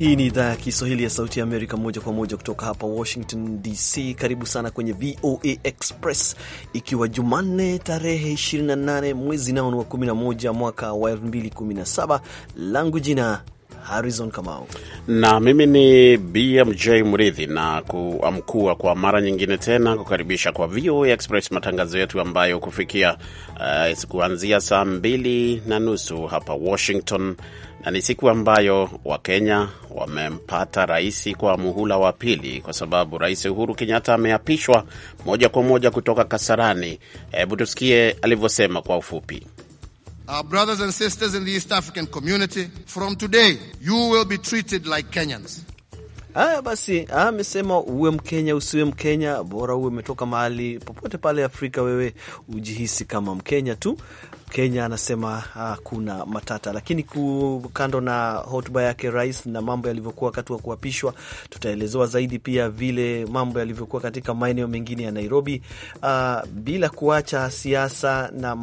Hii ni idhaa ya Kiswahili ya Sauti ya Amerika, moja kwa moja kutoka hapa Washington DC. Karibu sana kwenye VOA Express, ikiwa Jumanne tarehe 28 mwezi nao ni wa 11 mwaka wa 2017. Langu jina Harrison Kamau na mimi ni BMJ Mridhi, na kuamkua kwa mara nyingine tena kukaribisha kwa VOA Express, matangazo yetu ambayo kufikia uh, kuanzia saa mbili na nusu hapa Washington, na ni siku ambayo Wakenya wamempata rais kwa muhula wa pili, kwa sababu Rais Uhuru Kenyatta ameapishwa moja kwa moja kutoka Kasarani. Hebu tusikie alivyosema kwa ufupi. Our brothers and sisters in the East African community, from today, you will be treated like Kenyans. Haya ah, basi, amesema ah, uwe Mkenya usiwe Mkenya, bora uwe umetoka mahali popote pale Afrika, wewe ujihisi kama Mkenya tu, Kenya anasema ah, hakuna matata, lakini kando na hotuba yake rais na mambo yalivyokuwa wakati wa kuapishwa, tutaelezewa zaidi pia vile mambo yalivyokuwa katika maeneo mengine ya Nairobi, ah, bila kuacha siasa na,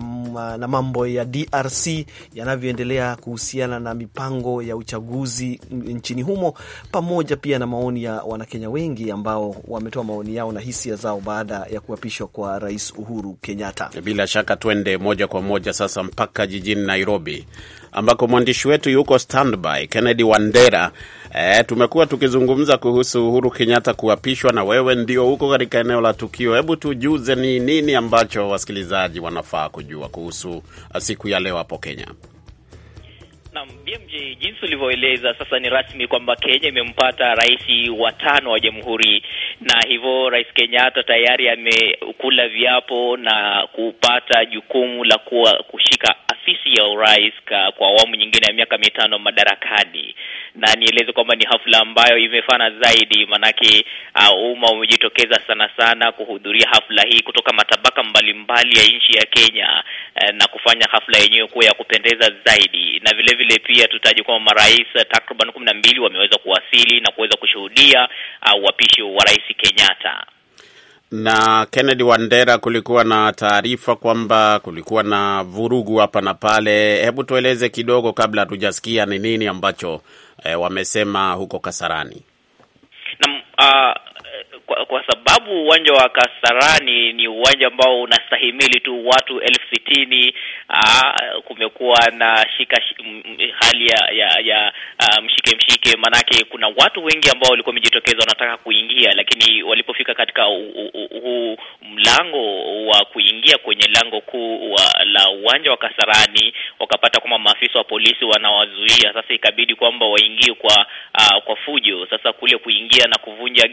na mambo ya DRC yanavyoendelea kuhusiana na mipango ya uchaguzi nchini humo, pamoja pia na maoni ya Wanakenya wengi ambao wametoa maoni yao na hisia zao baada ya kuapishwa kwa Rais Uhuru Kenyatta. Bila shaka tuende moja kwa moja sasa mpaka jijini Nairobi ambako mwandishi wetu yuko standby Kennedy Wandera. E, tumekuwa tukizungumza kuhusu Uhuru Kenyatta kuapishwa na wewe ndio huko katika eneo la tukio. Hebu tujuze ni nini ambacho wasikilizaji wanafaa kujua kuhusu eh, siku ya leo hapo Kenya? Naam, BMJ, jinsi ulivyoeleza sasa ni rasmi kwamba Kenya imempata rais wa tano wa jamhuri, na hivyo Rais Kenyatta tayari amekula viapo na kupata jukumu la kuwa kushika afisi ya urais kwa awamu nyingine ya miaka mitano madarakani na nieleze kwamba ni hafla ambayo imefana zaidi, maanake uh, umma umejitokeza sana sana kuhudhuria hafla hii kutoka matabaka mbalimbali mbali ya nchi ya Kenya uh, na kufanya hafla yenyewe kuwa ya kupendeza zaidi, na vile vile pia tutaje kwamba marais eh, takriban kumi na mbili wameweza kuwasili na kuweza kushuhudia uh, uapishi wa Rais Kenyatta na Kennedy Wandera, kulikuwa na taarifa kwamba kulikuwa na vurugu hapa na pale. Hebu tueleze kidogo, kabla hatujasikia ni nini ambacho eh, wamesema huko Kasarani. Na, uh, ah, kwa, kwa sababu uwanja wa Kasarani ni uwanja ambao unastahimili tu watu elfu sitini. Ah, kumekuwa na shika sh, m, hali ya ya, ya a, ah, mshike mshike, maanake kuna watu wengi ambao walikuwa wamejitokeza wanataka kuingia, lakini walipofika katika huu mlango wa kuingia kwenye lango kuu la uwanja wa Kasarani wakapata kwamba maafisa wa polisi wanawazuia. Sasa ikabidi kwamba waingie kwa a, ah, kwa fujo. Sasa kule kuingia na kuvunja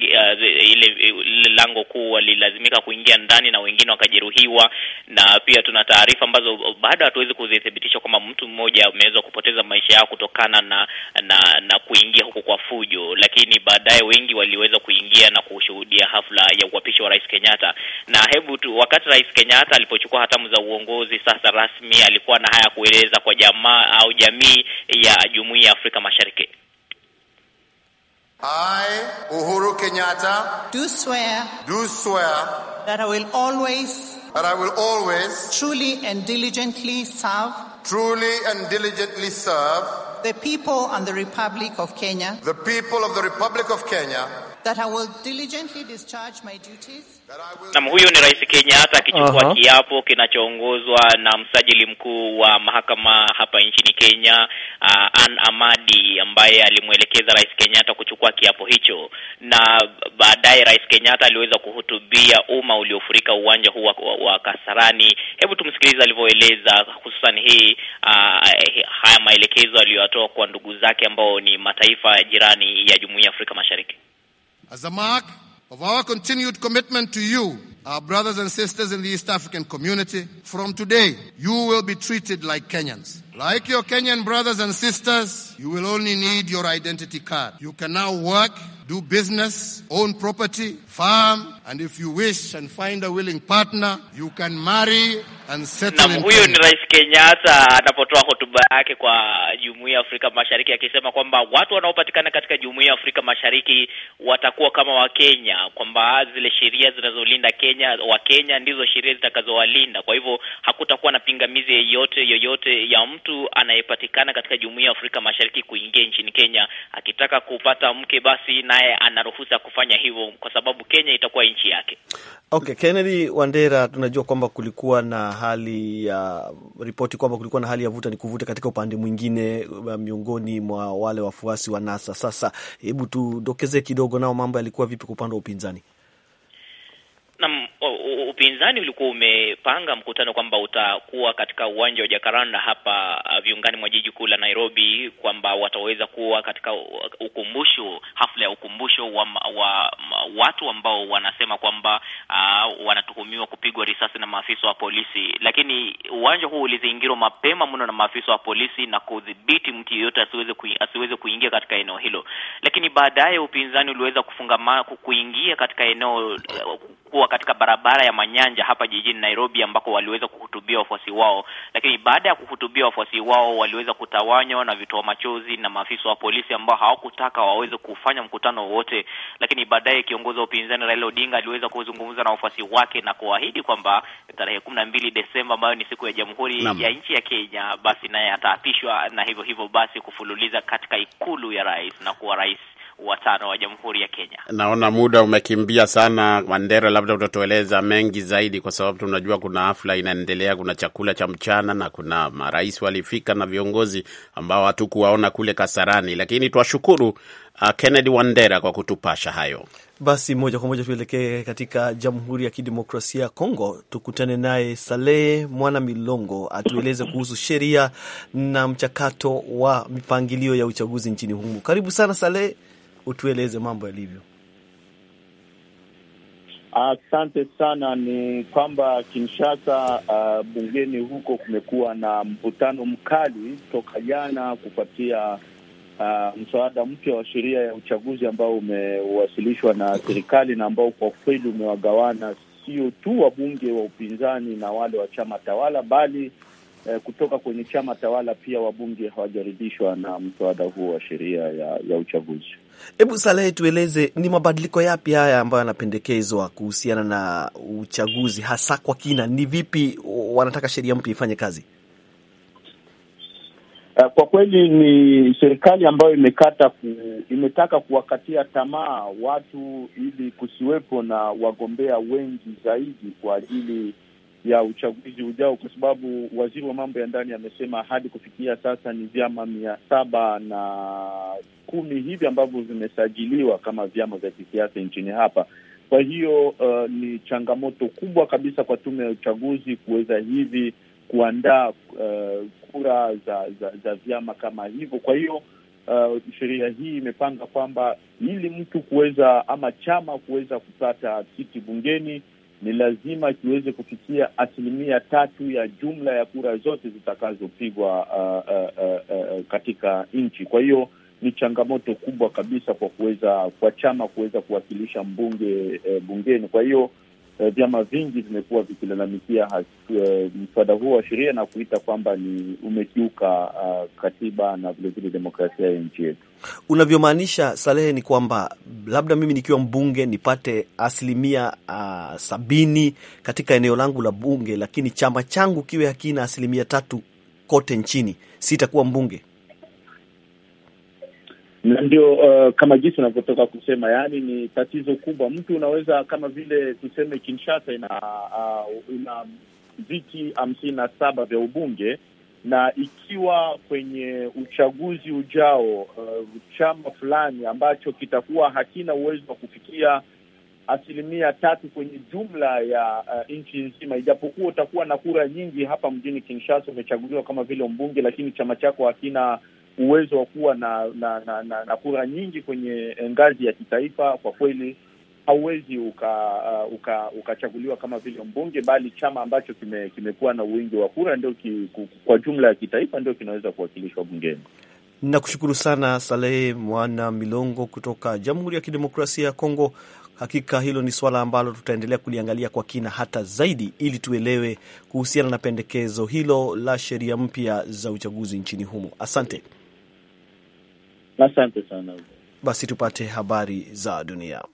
ile lile lango kuu walilazimika kuingia ndani na wengine wakajeruhiwa, na pia tuna taarifa ambazo bado hatuwezi kuzithibitisha kwamba mtu mmoja ameweza kupoteza maisha yao kutokana na na na kuingia huko kwa fujo, lakini baadaye wengi waliweza kuingia na kushuhudia hafla ya uapisho wa Rais Kenyatta. Na hebu tu, wakati Rais Kenyatta alipochukua hatamu za uongozi sasa rasmi, alikuwa na haya kueleza kwa jamaa au jamii ya Jumuiya ya Afrika Mashariki. I, Uhuru Kenyatta, do swear, do swear that I will always, that I will always truly and diligently serve, truly and diligently serve the people and the Republic of Kenya, the people of the Republic of Kenya That I will diligently discharge my duties. Na huyo ni Rais Kenyatta akichukua uh -huh. kiapo kinachoongozwa na msajili mkuu wa mahakama hapa nchini Kenya, uh, Ann Amadi ambaye alimwelekeza Rais Kenyatta kuchukua kiapo hicho, na baadaye Rais Kenyatta aliweza kuhutubia umma uliofurika uwanja huu wa, wa Kasarani. Hebu tumsikilize alivyoeleza hususan hii uh, haya maelekezo aliyoyatoa kwa ndugu zake ambao ni mataifa jirani ya Jumuiya ya Afrika Mashariki. As a mark of our continued commitment to you Our brothers and sisters in the East African community, from today, you will be treated like Kenyans. Like your Kenyan brothers and sisters, you will only need your identity card. You can now work, do business, own property, farm, and if you wish and find a willing partner, you can marry and settle na huyo Ni Rais Kenyatta anapotoa hotuba yake kwa Jumuiya ya Afrika Mashariki akisema kwamba watu wanaopatikana katika Jumuiya ya Afrika Mashariki watakuwa kama Wakenya, kwamba zile sheria zinazolinda Kenya Kenya wa Kenya ndizo sheria zitakazowalinda. Kwa hivyo hakutakuwa na pingamizi yeyote yoyote ya mtu anayepatikana katika Jumuiya ya Afrika Mashariki kuingia nchini Kenya akitaka kupata mke, basi naye anaruhusa kufanya hivyo kwa sababu Kenya itakuwa nchi yake. Okay, Kennedy Wandera, tunajua kwamba kulikuwa na hali ya ripoti kwamba kulikuwa na hali ya vuta ni kuvuta katika upande mwingine eh, miongoni mwa wale wafuasi wa NASA. Sasa hebu tudokeze kidogo, nao mambo yalikuwa vipi kwa upande wa upinzani? upinzani ulikuwa umepanga mkutano kwamba utakuwa katika uwanja wa Jakaranda hapa uh, viungani mwa jiji kuu la Nairobi, kwamba wataweza kuwa katika ukumbusho, hafla ya ukumbusho wa, wa watu ambao wanasema kwamba uh, wanatuhumiwa kupigwa risasi na maafisa wa polisi, lakini uwanja huu ulizingirwa mapema mno na maafisa wa polisi na kudhibiti mtu yeyote asiweze kui, asiweze kuingia katika eneo hilo, lakini baadaye upinzani uliweza kufunga kuingia katika eneo uh, kuwa katika barabara barabara ya Manyanja hapa jijini Nairobi, ambako waliweza kuhutubia wafuasi wao, lakini baada ya kuhutubia wafuasi wao waliweza kutawanywa na vitoa machozi na maafisa wa polisi ambao hawakutaka waweze kufanya mkutano wowote. Lakini baadaye kiongozi wa upinzani Raila Odinga aliweza kuzungumza na wafuasi wake na kuahidi kwamba tarehe kumi na mbili Desemba ambayo ni siku ya Jamhuri ya nchi ya Kenya, basi naye ataapishwa na hivyo hivyo basi kufululiza katika ikulu ya rais na kuwa rais wa tano wa Jamhuri ya Kenya. Naona muda umekimbia sana, Wandera, labda utatueleza mengi zaidi, kwa sababu tunajua kuna hafla inaendelea, kuna chakula cha mchana na kuna marais walifika na viongozi ambao hatukuwaona kule Kasarani, lakini twashukuru Uh, Kennedy Wandera kwa kutupasha hayo. Basi moja kwa moja tuelekee katika Jamhuri ya Kidemokrasia ya Kongo, tukutane naye Salehe Mwana Milongo atueleze kuhusu sheria na mchakato wa mipangilio ya uchaguzi nchini humo. Karibu sana Salehe utueleze mambo yalivyo. Asante sana. Ni kwamba Kinshasa, uh, bungeni huko kumekuwa na mvutano mkali toka jana kufuatia uh, ah, mswada mpya wa sheria ya uchaguzi ambao umewasilishwa na serikali na ambao kwa kweli umewagawana sio tu wabunge wa upinzani na wale wa chama tawala, bali eh, kutoka kwenye chama tawala pia wabunge hawajaridhishwa na mswada huo wa sheria ya, ya uchaguzi. Hebu Salehe, tueleze ni mabadiliko yapi haya ambayo yanapendekezwa kuhusiana na uchaguzi hasa kwa kina, ni vipi wanataka sheria mpya ifanye kazi? Eh, kwa kweli ni serikali ambayo imekata ku, imetaka kuwakatia tamaa watu ili kusiwepo na wagombea wengi zaidi kwa ajili ya uchaguzi ujao, kwa sababu waziri wa mambo ya ndani amesema hadi kufikia sasa ni vyama mia saba na kumi hivi ambavyo vimesajiliwa kama vyama vya kisiasa nchini hapa. Kwa hiyo uh, ni changamoto kubwa kabisa kwa tume ya uchaguzi kuweza hivi kuandaa uh, kura za, za, za vyama kama hivyo. Kwa hiyo uh, sheria hii imepanga kwamba ili mtu kuweza ama chama kuweza kupata kiti bungeni ni lazima kiweze kufikia asilimia tatu ya jumla ya kura zote zitakazopigwa uh, uh, uh, uh, katika nchi. Kwa hiyo ni changamoto kubwa kabisa kwa kuweza kwa chama kuweza kuwakilisha mbunge uh, bungeni. Kwa hiyo Eh, vyama vingi vimekuwa vikilalamikia eh, mswada huo wa sheria na kuita kwamba ni umekiuka uh, katiba na vilevile demokrasia ya nchi yetu. Unavyomaanisha Salehe ni kwamba labda mimi nikiwa mbunge nipate asilimia uh, sabini katika eneo langu la bunge, lakini chama changu kiwe hakina asilimia tatu kote nchini, sitakuwa mbunge na ndio uh, kama jinsi unavyotoka kusema, yaani ni tatizo kubwa. Mtu unaweza kama vile tuseme Kinshasa ina uh, ina viti hamsini na saba vya ubunge na ikiwa kwenye uchaguzi ujao uh, chama fulani ambacho kitakuwa hakina uwezo wa kufikia asilimia tatu kwenye jumla ya uh, nchi nzima, ijapokuwa utakuwa na kura nyingi hapa mjini Kinshasa, umechaguliwa kama vile mbunge, lakini chama chako hakina uwezo wa kuwa na na, na, na na kura nyingi kwenye ngazi ya kitaifa, kwa kweli hauwezi ukachaguliwa uh, uka, uka kama vile mbunge, bali chama ambacho kime, kimekuwa na wingi wa kura ndio kwa jumla ya kitaifa ndio kinaweza kuwakilishwa bungeni. Nakushukuru sana Salehe Mwana Milongo kutoka Jamhuri ya Kidemokrasia ya Kongo. Hakika hilo ni suala ambalo tutaendelea kuliangalia kwa kina hata zaidi, ili tuelewe kuhusiana na pendekezo hilo la sheria mpya za uchaguzi nchini humo. Asante. Asante sana. Basi tupate habari za dunia.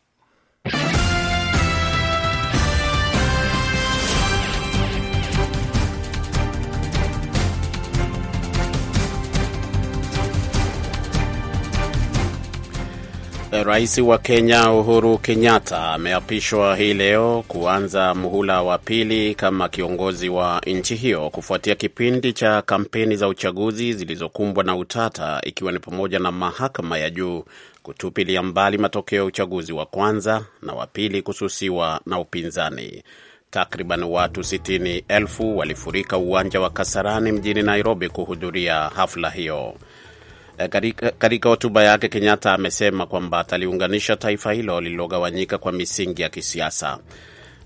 Rais wa Kenya Uhuru Kenyatta ameapishwa hii leo kuanza muhula wa pili kama kiongozi wa nchi hiyo kufuatia kipindi cha kampeni za uchaguzi zilizokumbwa na utata, ikiwa ni pamoja na mahakama ya juu kutupilia mbali matokeo ya uchaguzi wa kwanza na wa pili kususiwa na upinzani. Takriban watu sitini elfu walifurika uwanja wa Kasarani mjini Nairobi kuhudhuria hafla hiyo. Eh, katika hotuba yake, Kenyatta amesema kwamba ataliunganisha taifa hilo lililogawanyika kwa misingi ya kisiasa,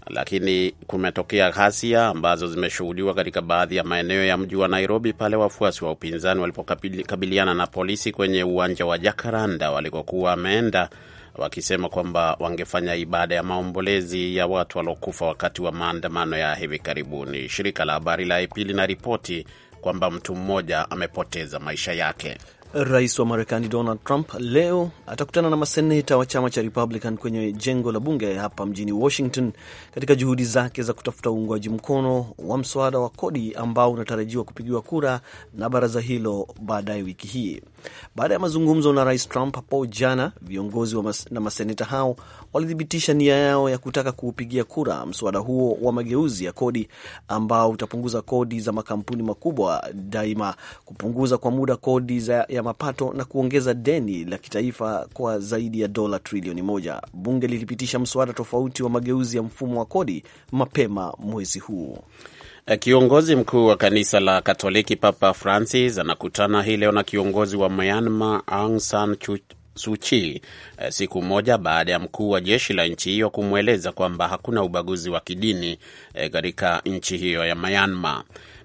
lakini kumetokea ghasia ambazo zimeshuhudiwa katika baadhi ya maeneo ya mji wa Nairobi pale wafuasi wa upinzani walipokabiliana na polisi kwenye uwanja wa Jakaranda walikokuwa wameenda wakisema kwamba wangefanya ibada ya maombolezi ya watu waliokufa wakati wa maandamano ya hivi karibuni. Shirika la habari la AP linaripoti kwamba mtu mmoja amepoteza maisha yake. Rais wa Marekani Donald Trump leo atakutana na maseneta wa chama cha Republican kwenye jengo la bunge hapa mjini Washington katika juhudi zake za kutafuta uungwaji mkono wa mswada wa kodi ambao unatarajiwa kupigiwa kura na baraza hilo baadaye wiki hii. Baada ya mazungumzo na Rais Trump hapo jana, viongozi mas na maseneta hao walithibitisha nia yao ya kutaka kuupigia kura mswada huo wa mageuzi ya kodi ambao utapunguza kodi za makampuni makubwa daima, kupunguza kwa muda kodi za ya mapato na kuongeza deni la kitaifa kwa zaidi ya dola trilioni moja. Bunge lilipitisha mswada tofauti wa mageuzi ya mfumo wa kodi mapema mwezi huu. Eh, kiongozi mkuu wa kanisa la Katoliki Papa Francis anakutana hii leo na kiongozi wa Myanmar Aung San suchi eh, siku moja baada ya mkuu wa jeshi la nchi hiyo kumweleza kwamba hakuna ubaguzi wa kidini eh, katika nchi hiyo ya Myanmar.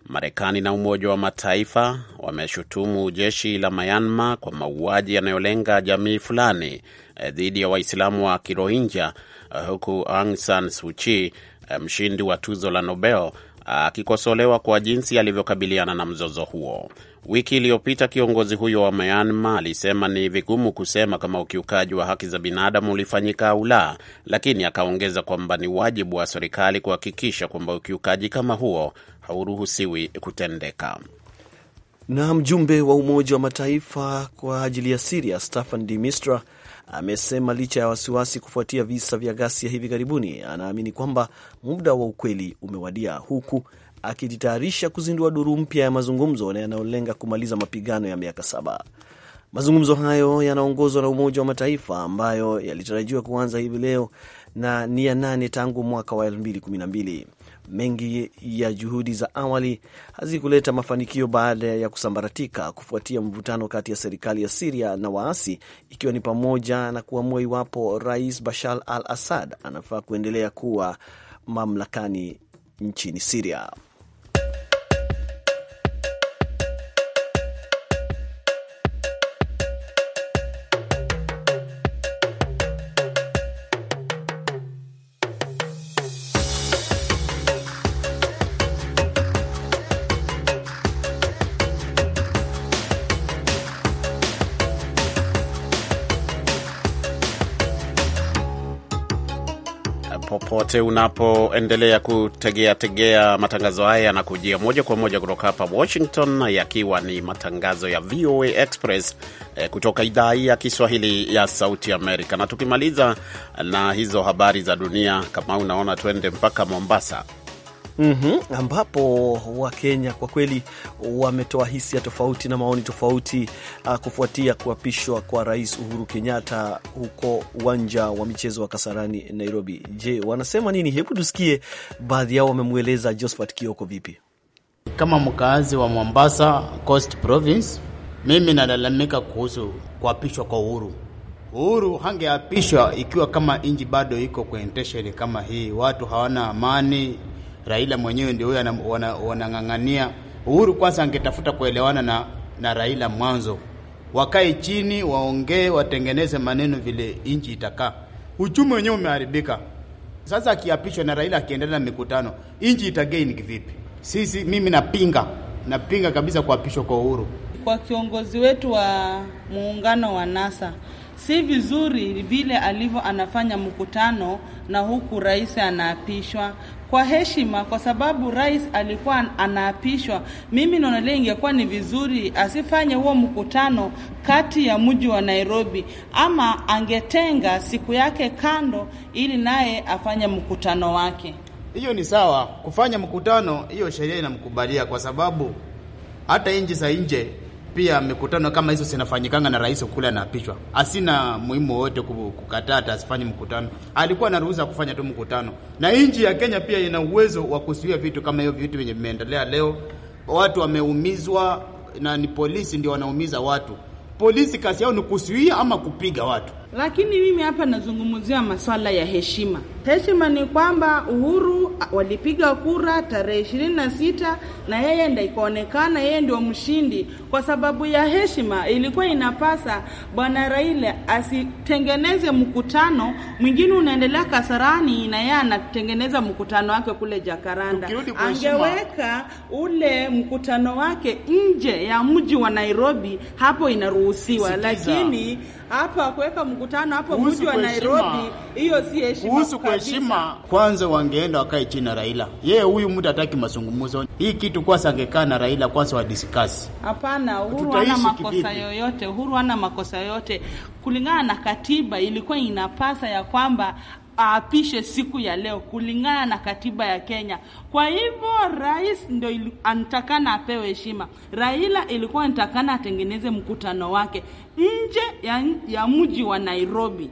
Marekani na Umoja wa Mataifa wameshutumu jeshi la Myanmar kwa mauaji yanayolenga jamii fulani eh, dhidi ya Waislamu wa Kirohinja, eh, huku Aung San Suu Kyi, eh, mshindi wa tuzo la Nobel, akikosolewa kwa jinsi alivyokabiliana na mzozo huo. Wiki iliyopita kiongozi huyo wa Myanmar alisema ni vigumu kusema kama ukiukaji wa haki za binadamu ulifanyika au la, lakini akaongeza kwamba ni wajibu wa serikali kuhakikisha kwamba ukiukaji kama huo hauruhusiwi kutendeka. Na mjumbe wa Umoja wa Mataifa kwa ajili ya Siria Staffan de Mistura amesema licha ya wasiwasi kufuatia visa vya ghasia hivi karibuni, anaamini kwamba muda wa ukweli umewadia, huku akijitayarisha kuzindua duru mpya ya mazungumzo na yanayolenga kumaliza mapigano ya miaka saba. Mazungumzo hayo yanaongozwa na Umoja wa Mataifa ambayo yalitarajiwa kuanza hivi leo na ni ya nane tangu mwaka wa 2012 mengi ya juhudi za awali hazikuleta mafanikio baada ya kusambaratika kufuatia mvutano kati ya serikali ya Siria na waasi, ikiwa ni pamoja na kuamua iwapo Rais Bashar al Assad anafaa kuendelea kuwa mamlakani nchini Siria. popote unapoendelea kutegea tegea matangazo haya yanakujia moja kwa moja kutoka hapa Washington, yakiwa ni matangazo ya VOA Express eh, kutoka idhaa hii ya Kiswahili ya Sauti Amerika. Na tukimaliza na hizo habari za dunia, kama unaona, tuende mpaka Mombasa mm -hmm, ambapo Wakenya kwa kweli wametoa hisia tofauti na maoni tofauti uh, kufuatia kuapishwa kwa Rais Uhuru Kenyatta huko uwanja wa michezo wa Kasarani, Nairobi. Je, wanasema nini? Hebu tusikie baadhi yao wamemweleza Josphat Kioko vipi. Kama mkaazi wa Mombasa Coast Province, mimi nalalamika kuhusu kuapishwa kwa Uhuru. Uhuru hangeapishwa ikiwa kama nchi bado iko kwa tesheni kama hii, watu hawana amani, Raila mwenyewe ndio huyo wanang'ang'ania Uhuru. Kwanza angetafuta kuelewana na, na Raila mwanzo, wakae chini waongee, watengeneze maneno vile nchi itakaa. Uchumi wenyewe umeharibika sasa, akiapishwa na Raila akiendelea na mikutano, nchi itagain kivipi? Sisi mimi napinga, napinga kabisa kuapishwa kwa Uhuru kwa kiongozi wetu wa muungano wa NASA. Si vizuri vile alivyo anafanya mkutano na huku rais anaapishwa kwa heshima, kwa sababu rais alikuwa anaapishwa. Mimi naonelea ingekuwa ni vizuri asifanye huo mkutano kati ya mji wa Nairobi, ama angetenga siku yake kando, ili naye afanye mkutano wake. Hiyo ni sawa kufanya mkutano, hiyo sheria inamkubalia, kwa sababu hata nchi za nje pia mikutano kama hizo zinafanyikanga na rais kule anaapishwa. Asina muhimu wowote kukataa hata asifanye mkutano, alikuwa anaruhusa kufanya tu mkutano. Na nchi ya Kenya pia ina uwezo wa kuzuia vitu kama hiyo, vitu vyenye vimeendelea leo. Watu wameumizwa na ni polisi ndio wanaumiza watu. Polisi kazi yao ni kuzuia ama kupiga watu lakini mimi hapa nazungumzia maswala ya heshima. Heshima ni kwamba Uhuru walipiga kura tarehe ishirini na sita na yeye ndio ikaonekana yeye ndio mshindi. Kwa sababu ya heshima, ilikuwa inapasa bwana Raila asitengeneze mkutano mwingine unaendelea Kasarani na yeye anatengeneza mkutano wake kule Jakaranda. Angeweka ule mkutano wake nje ya mji wa Nairobi, hapo inaruhusiwa, lakini hapa kuweka mkutano hapo mji wa Nairobi, hiyo si heshima. Kuhusu kuheshima, kwanza wangeenda wakae chini na Raila. Yeye huyu mtu hataki mazungumzo. Hii kitu kwanza angekaa na Raila kwanza discuss. Hapana, Uhuru hana makosa yoyote. Uhuru hana makosa yoyote. Kulingana na katiba ilikuwa inapasa ya kwamba aapishe siku ya leo kulingana na katiba ya Kenya. Kwa hivyo rais ndio anatakana apewe heshima. Raila ilikuwa anatakana atengeneze mkutano wake nje ya, ya mji wa Nairobi.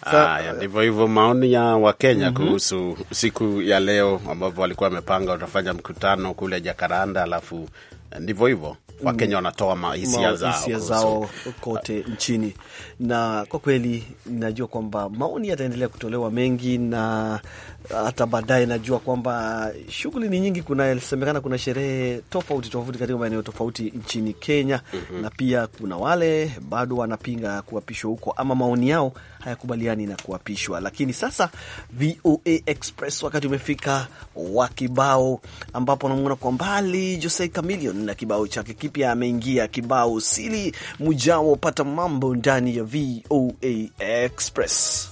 Haya, ndivyo hivyo maoni ya Wakenya mm -hmm. kuhusu siku ya leo ambapo walikuwa wamepanga watafanya mkutano kule Jakaranda, alafu eh, ndivyo hivyo Wakenya wanatoa hisia zao, zao kote nchini, na kwa kweli najua kwamba maoni yataendelea kutolewa mengi, na hata baadaye najua kwamba shughuli ni nyingi. Kunasemekana kuna sherehe tofauti tofauti katika maeneo tofauti nchini Kenya. mm -hmm. Na pia kuna wale bado wanapinga kuapishwa huko, ama maoni yao hayakubaliani na kuapishwa. Lakini sasa VOA Express, wakati umefika wa kibao, ambapo anamuona kwa mbali Jose Chameleone na kibao chake kipya ameingia, kibao sili mujao. Pata mambo ndani ya VOA Express.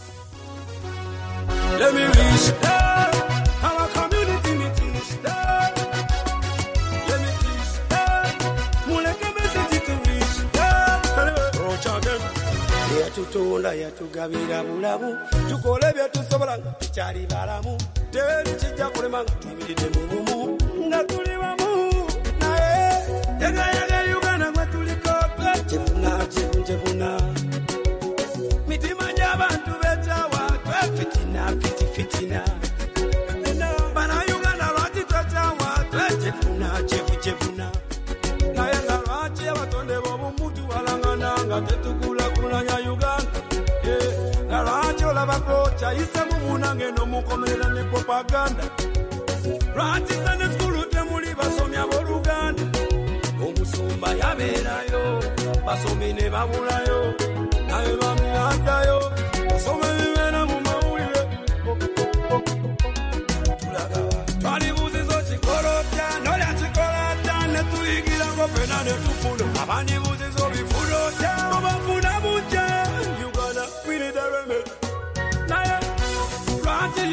Let me reach there. Our community me teach there. Let me reach. there. Muleke message to reach there. Rocha oh, them. yatutunda yatugabira bulamu tukola ebyetusobola nga tukyali balamu teweri kijja kulema nga tuyimiride mu bumu mu. Na wamu naye eh, ya. mwaise mumunangeno ne propaganda lwakisane sukulu temuli basomi abooluganda omusumba yabeerayo basomi ne babulayo naye bamulagayo basoma ebibeera mu mawulire twalibuziza kikolotya nolya kikolata ne tuyigirako fena ne tufuna abandibuziza obifunotya obanfuna bujja uganda we need a remedy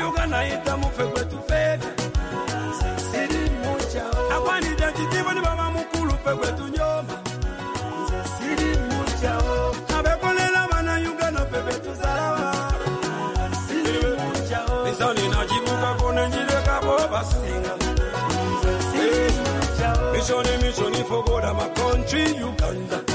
lugha na itamu fe kwetu fele siri mucha oh. akwani jachitivo ni baba mukulu fe kwetu nyoma siri mucha oh. nabekolela vana yugano fe vetu zalawa siri mucha oh. isoni najibuka kunenjilekabo basinga mishoni mishoni fogoda makontri uganda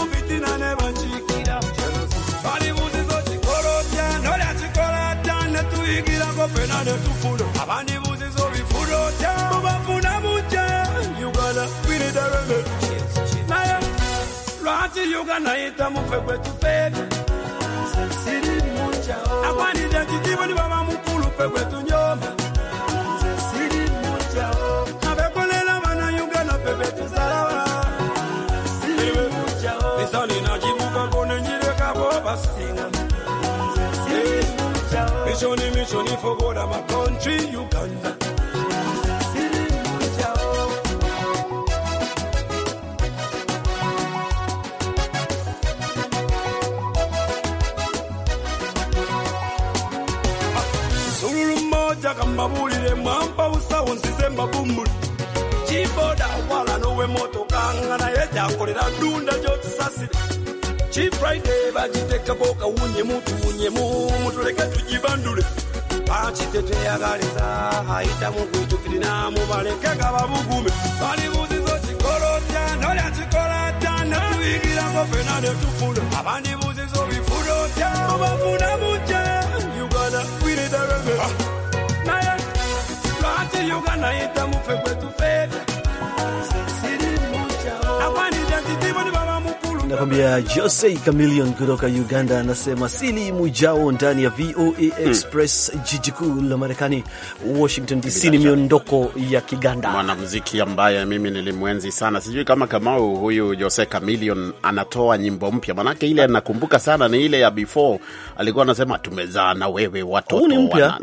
kopena netufundo abandi buzizo bifurota mubafuna buja uganda wirida remedi naye lwaki uganda yita mufe gwe baba mukulu fe gwe Mission, mission for God and my country, Uganda. Sululu mmoja kama bulire mwamba usawo nsize mbagumbuli Chiboda wala nowe motoka nga na yeja kolera dunda jotisasire Chief Friday bagiteka boka unye mutu unye mu mutuleke tujibandule bakiteteyagalisa ayita mukwitufirina mubalekeka babugume balibuzizo kikolotya nolya kikolatya netuyigirako fena netufuna abandibuzizo bifulotya obafuna mutya uganda wiretareme ah. naye lwaki uganda yita mufe gwetufe Nakwambia Jose Chameleon kutoka Uganda anasema sili mujao ndani ya VOA Express, mm. jiji kuu la Marekani Washington DC, ni miondoko ya Kiganda, mwanamuziki ambaye mimi nilimwenzi sana. Sijui kama Kamau huyu Jose Chameleon anatoa nyimbo mpya, manake ile anakumbuka sana ni ile ya before, alikuwa anasema tumezaa na wewe watoto. mpya.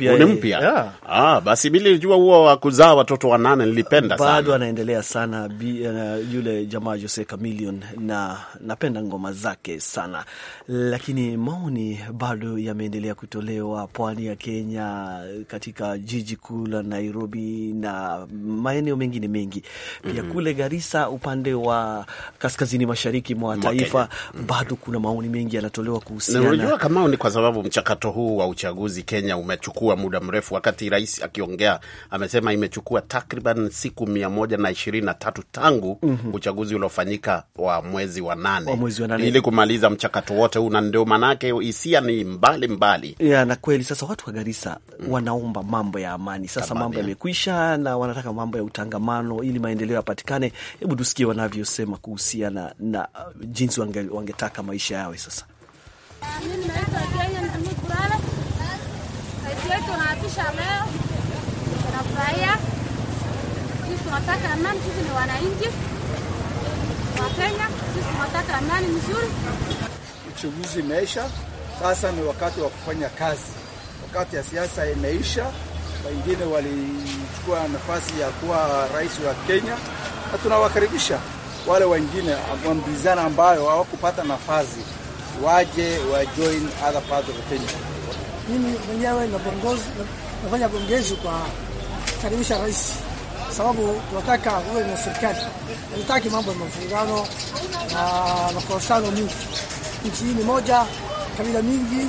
Eh? Eh. Ah, basi mimi nilijua huo wa kuzaa watoto wanane, nilipenda sana. Bado anaendelea sana bi, uh, yule jamaa Jose Chameleon na napenda ngoma zake sana, lakini maoni bado yameendelea kutolewa pwani ya Kenya, katika jiji kuu la Nairobi na maeneo mengine mengi pia mm -hmm. kule Garissa upande wa kaskazini mashariki mwa taifa mm -hmm. bado kuna maoni mengi yanatolewa kuhusiana. Unajua kama ni kwa sababu mchakato huu wa uchaguzi Kenya umechukua muda mrefu. Wakati rais akiongea amesema imechukua takriban siku mia moja na ishirini na tatu tangu mm -hmm. uchaguzi uliofanyika wa mwezi wa nane, wa mwezi wa nane, ili kumaliza mchakato wote huu, na ndio maanake hisia ni mbali mbali ya, na kweli sasa watu wa Garissa mm. wanaomba mambo ya amani sasa Tamani. Mambo yamekwisha na wanataka mambo ya utangamano ili maendeleo yapatikane. Hebu tusikie wanavyosema kuhusiana na uh, jinsi wangetaka maisha yawe sasa Wakenya sisi tunataka amani nzuri. Uchaguzi imeisha, sasa ni wakati wa kufanya kazi. Wakati ya siasa imeisha, wengine walichukua nafasi ya kuwa rais wa Kenya, na tunawakaribisha wale wengine ambizana ambayo hawakupata nafasi waje wa join other part of Kenya. Mimi mwenyewe nafanya pongezi kwa kukaribisha rais sababu tunataka uwe na serikali, hatutaki mambo ya mafungano na makorosano mingi. Nchi hii ni moja, kabila mingi,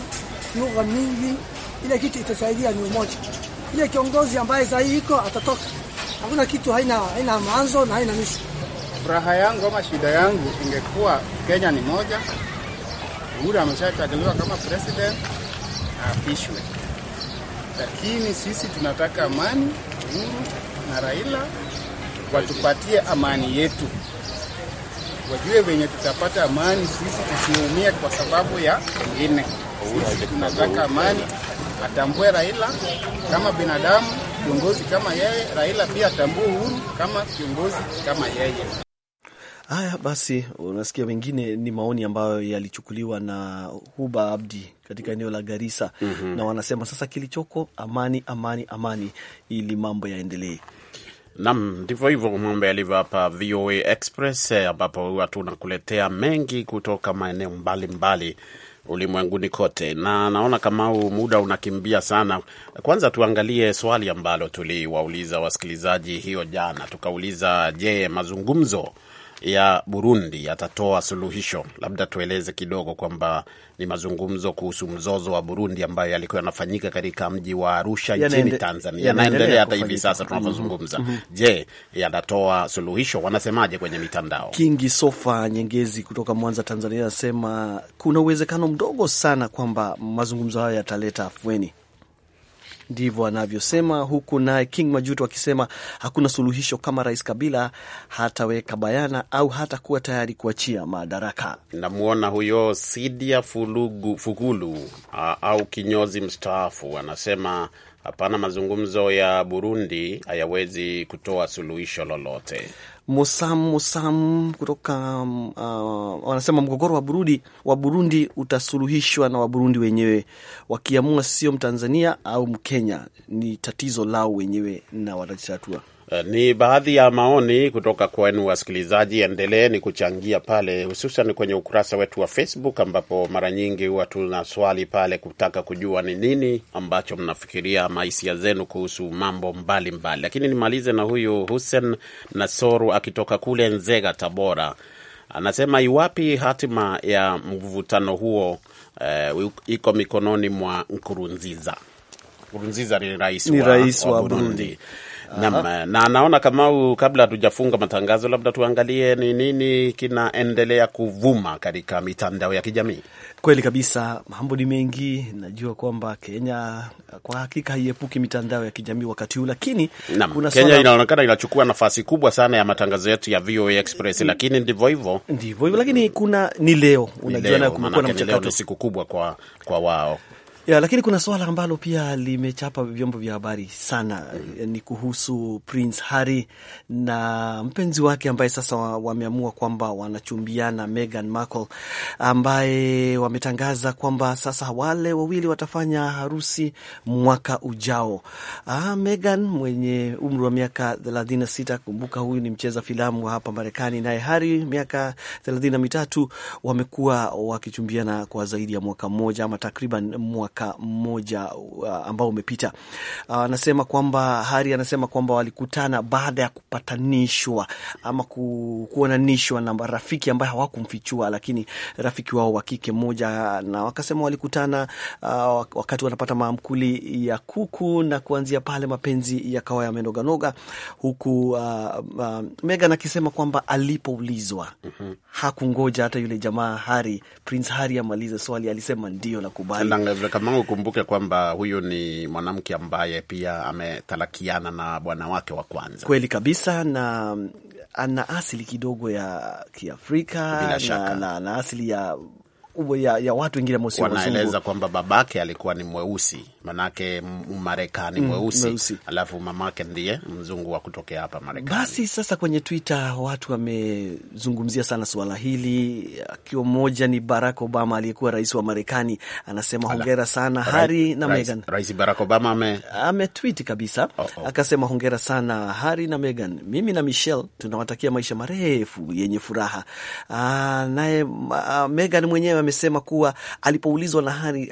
lugha mingi, ile kitu itasaidia ni umoja. Ile kiongozi ambaye sahihi iko atatoka, hakuna kitu haina, haina mwanzo na haina mwisho. Furaha yangu ama shida yangu ingekuwa Kenya ni moja, Uhuru ameshachaguliwa kama president aapishwe, lakini sisi tunataka amani, uhuru na Raila watupatie amani yetu, wajue wenye tutapata amani sisi, tusiumie kwa sababu ya wengine. Sisi tunataka amani. Atambue Raila kama binadamu, kiongozi kama yeye. Raila pia atambue uhuru kama kiongozi kama yeye. Haya basi, unasikia wengine ni maoni ambayo yalichukuliwa na Huba Abdi katika eneo la Garissa. mm -hmm. Na wanasema sasa, kilichoko amani, amani, amani ili mambo yaendelee. Nam, ndivyo hivyo mambo yalivyo hapa VOA Express, ambapo huwa tunakuletea mengi kutoka maeneo mbalimbali ulimwenguni kote, na naona kama huu muda unakimbia sana. Kwanza tuangalie swali ambalo tuliwauliza wasikilizaji hiyo jana, tukauliza je, mazungumzo ya Burundi yatatoa suluhisho. Labda tueleze kidogo kwamba ni mazungumzo kuhusu mzozo wa Burundi ambayo yalikuwa yanafanyika katika mji wa Arusha nchini Tanzania, yanaendelea hata hivi sasa tunavyozungumza. mm -hmm. Je, yanatoa suluhisho? Wanasemaje kwenye mitandao? Kingi Sofa Nyengezi kutoka Mwanza, Tanzania, anasema kuna uwezekano mdogo sana kwamba mazungumzo hayo yataleta afueni ndivyo anavyosema, huku naye King Majuto akisema hakuna suluhisho kama Rais Kabila hataweka bayana au hatakuwa tayari kuachia madaraka. Namwona huyo Sidia Fulugu, Fugulu au kinyozi mstaafu anasema hapana, mazungumzo ya Burundi hayawezi kutoa suluhisho lolote mosam mosam kutoka um, uh, wanasema mgogoro wa Burundi wa Burundi utasuluhishwa na Waburundi wenyewe wakiamua, sio Mtanzania au Mkenya, ni tatizo lao wenyewe na watatatua. Eh, ni baadhi ya maoni kutoka kwenu wasikilizaji. Endeleeni kuchangia pale, hususan kwenye ukurasa wetu wa Facebook ambapo mara nyingi huwa tuna swali pale kutaka kujua ni nini ambacho mnafikiria ama hisia zenu kuhusu mambo mbalimbali mbali. Lakini nimalize na huyu Hussein Nasoru akitoka kule Nzega, Tabora, anasema iwapi hatima ya mvutano huo eh, iko mikononi mwa Nkurunziza. Nkurunziza ni rais wa, wa Burundi, Burundi. Na, eh, na naona Kamau, kabla hatujafunga matangazo, labda tuangalie ni nini kinaendelea kuvuma katika mitandao ya kijamii. Kweli kabisa, mambo ni mengi. Najua kwamba Kenya kwa hakika haiepuki mitandao ya kijamii wakati huu, lakini kuna Kenya sana... inaonekana inachukua nafasi kubwa sana ya matangazo yetu ya VOA Express, lakini ndivyo hivyo, ndivyo hivyo, lakini kuna ni leo, unajua na kumekuwa na mchakato, siku kubwa kwa, kwa wao ya, lakini kuna suala ambalo pia limechapa vyombo vya habari sana mm -hmm. Ni kuhusu Prince Harry na mpenzi wake ambaye sasa wameamua kwamba wanachumbiana, Meghan Markle ambaye wametangaza kwamba sasa wale wawili watafanya harusi mwaka ujao. Ah, Meghan mwenye umri wa miaka 36, kumbuka huyu ni mcheza filamu wa hapa Marekani, naye Harry miaka 33, wamekuwa wakichumbiana kwa zaidi ya mwaka mmoja ama takriban mwaka mwaka mmoja uh, ambao umepita. Uh, anasema kwamba Hari anasema kwamba walikutana baada ya kupatanishwa ama kuonanishwa na rafiki ambaye hawakumfichua, lakini rafiki wao wa kike mmoja, na wakasema walikutana uh, wakati wanapata maamkuli ya kuku, na kuanzia pale mapenzi yakawa yamenoganoga, huku uh, uh, Megan akisema kwamba alipoulizwa mm -hmm. hakungoja hata yule jamaa Hari, Prince Hari amalize swali, alisema ndio nakubali Kamau, ukumbuke kwamba huyu ni mwanamke ambaye pia ametalakiana na bwana wake wa kwanza. Kweli kabisa, na ana asili kidogo ya Kiafrika na, na, na asili ya ya, ya watu wengine ambao sio wazungu. Wanaeleza kwamba babake alikuwa ni mweusi, manake Marekani mm, mweusi mm, mweusi, alafu mamake ndiye mzungu wa kutokea hapa Marekani. Basi sasa, kwenye Twitter watu wamezungumzia sana suala hili, akiwa mmoja ni Barack Obama aliyekuwa rais wa Marekani, anasema hongera sana ra Harry na Megan. Rais Barack Obama ame ametweet kabisa oh, oh, akasema hongera sana Hari na Megan, mimi na Michelle tunawatakia maisha marefu yenye furaha. Ah, naye ah, Megan mwenyewe amesema kuwa alipoulizwa na hani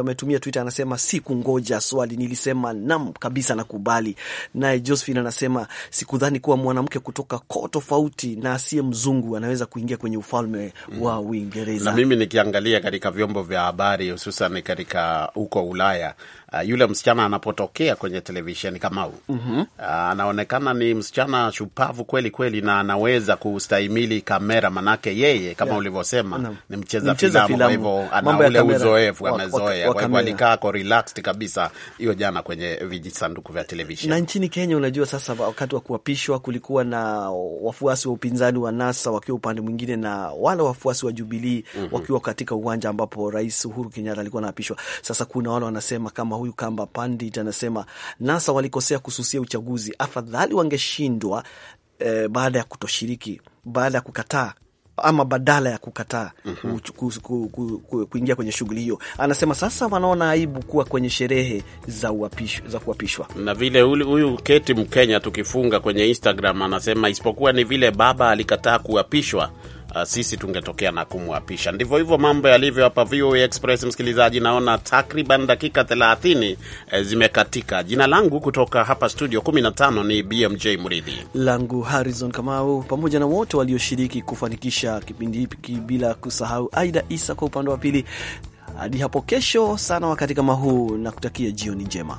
ametumia Twitter anasema sikungoja swali, nilisema nam kabisa nakubali. Naye Josephine anasema sikudhani kuwa mwanamke kutoka koo tofauti na asiye mzungu anaweza kuingia kwenye ufalme wa mm. Uingereza. Na mimi nikiangalia katika vyombo vya habari hususan katika huko Ulaya Uh, yule msichana anapotokea kwenye televisheni Kamau, mm -hmm. uh, anaonekana ni msichana shupavu kweli kweli, na anaweza kustahimili kamera, manake yeye kama yeah. ulivyosema no. ni mcheza, mcheza kucheza filamu, mambo ya uzoefu amezoea, kwa hivyo alikaa ko relaxed kabisa hiyo jana kwenye vijisanduku vya televisheni. Na nchini Kenya, unajua sasa, wakati wa kuapishwa kulikuwa na wafuasi wa upinzani wa NASA wakiwa upande mwingine na wale wafuasi wa Jubilee mm -hmm. wakiwa katika uwanja ambapo Rais Uhuru Kenyatta alikuwa anaapishwa. Sasa kuna wale wanasema kama huyu Kamba Pandit anasema NASA walikosea kususia uchaguzi, afadhali wangeshindwa eh, baada ya kutoshiriki, baada ya kukataa ama badala ya kukataa mm -hmm. ku, ku, ku, ku, kuingia kwenye shughuli hiyo. Anasema sasa wanaona aibu kuwa kwenye sherehe za uapisho, za kuapishwa. Na vile huyu Keti Mkenya tukifunga kwenye Instagram anasema isipokuwa ni vile baba alikataa kuapishwa uh, sisi tungetokea na kumwapisha. Ndivyo hivyo mambo yalivyo hapa VOA Express. Msikilizaji, naona takriban dakika 30 eh, zimekatika. Jina langu kutoka hapa studio 15 ni BMJ Mridhi, langu Harrison Kamau, pamoja na wote walioshiriki kufanikisha kipindi hiki, bila kusahau Aida Isa kwa upande wa pili. Hadi hapo kesho sana wakati kama huu, na kutakia jioni njema.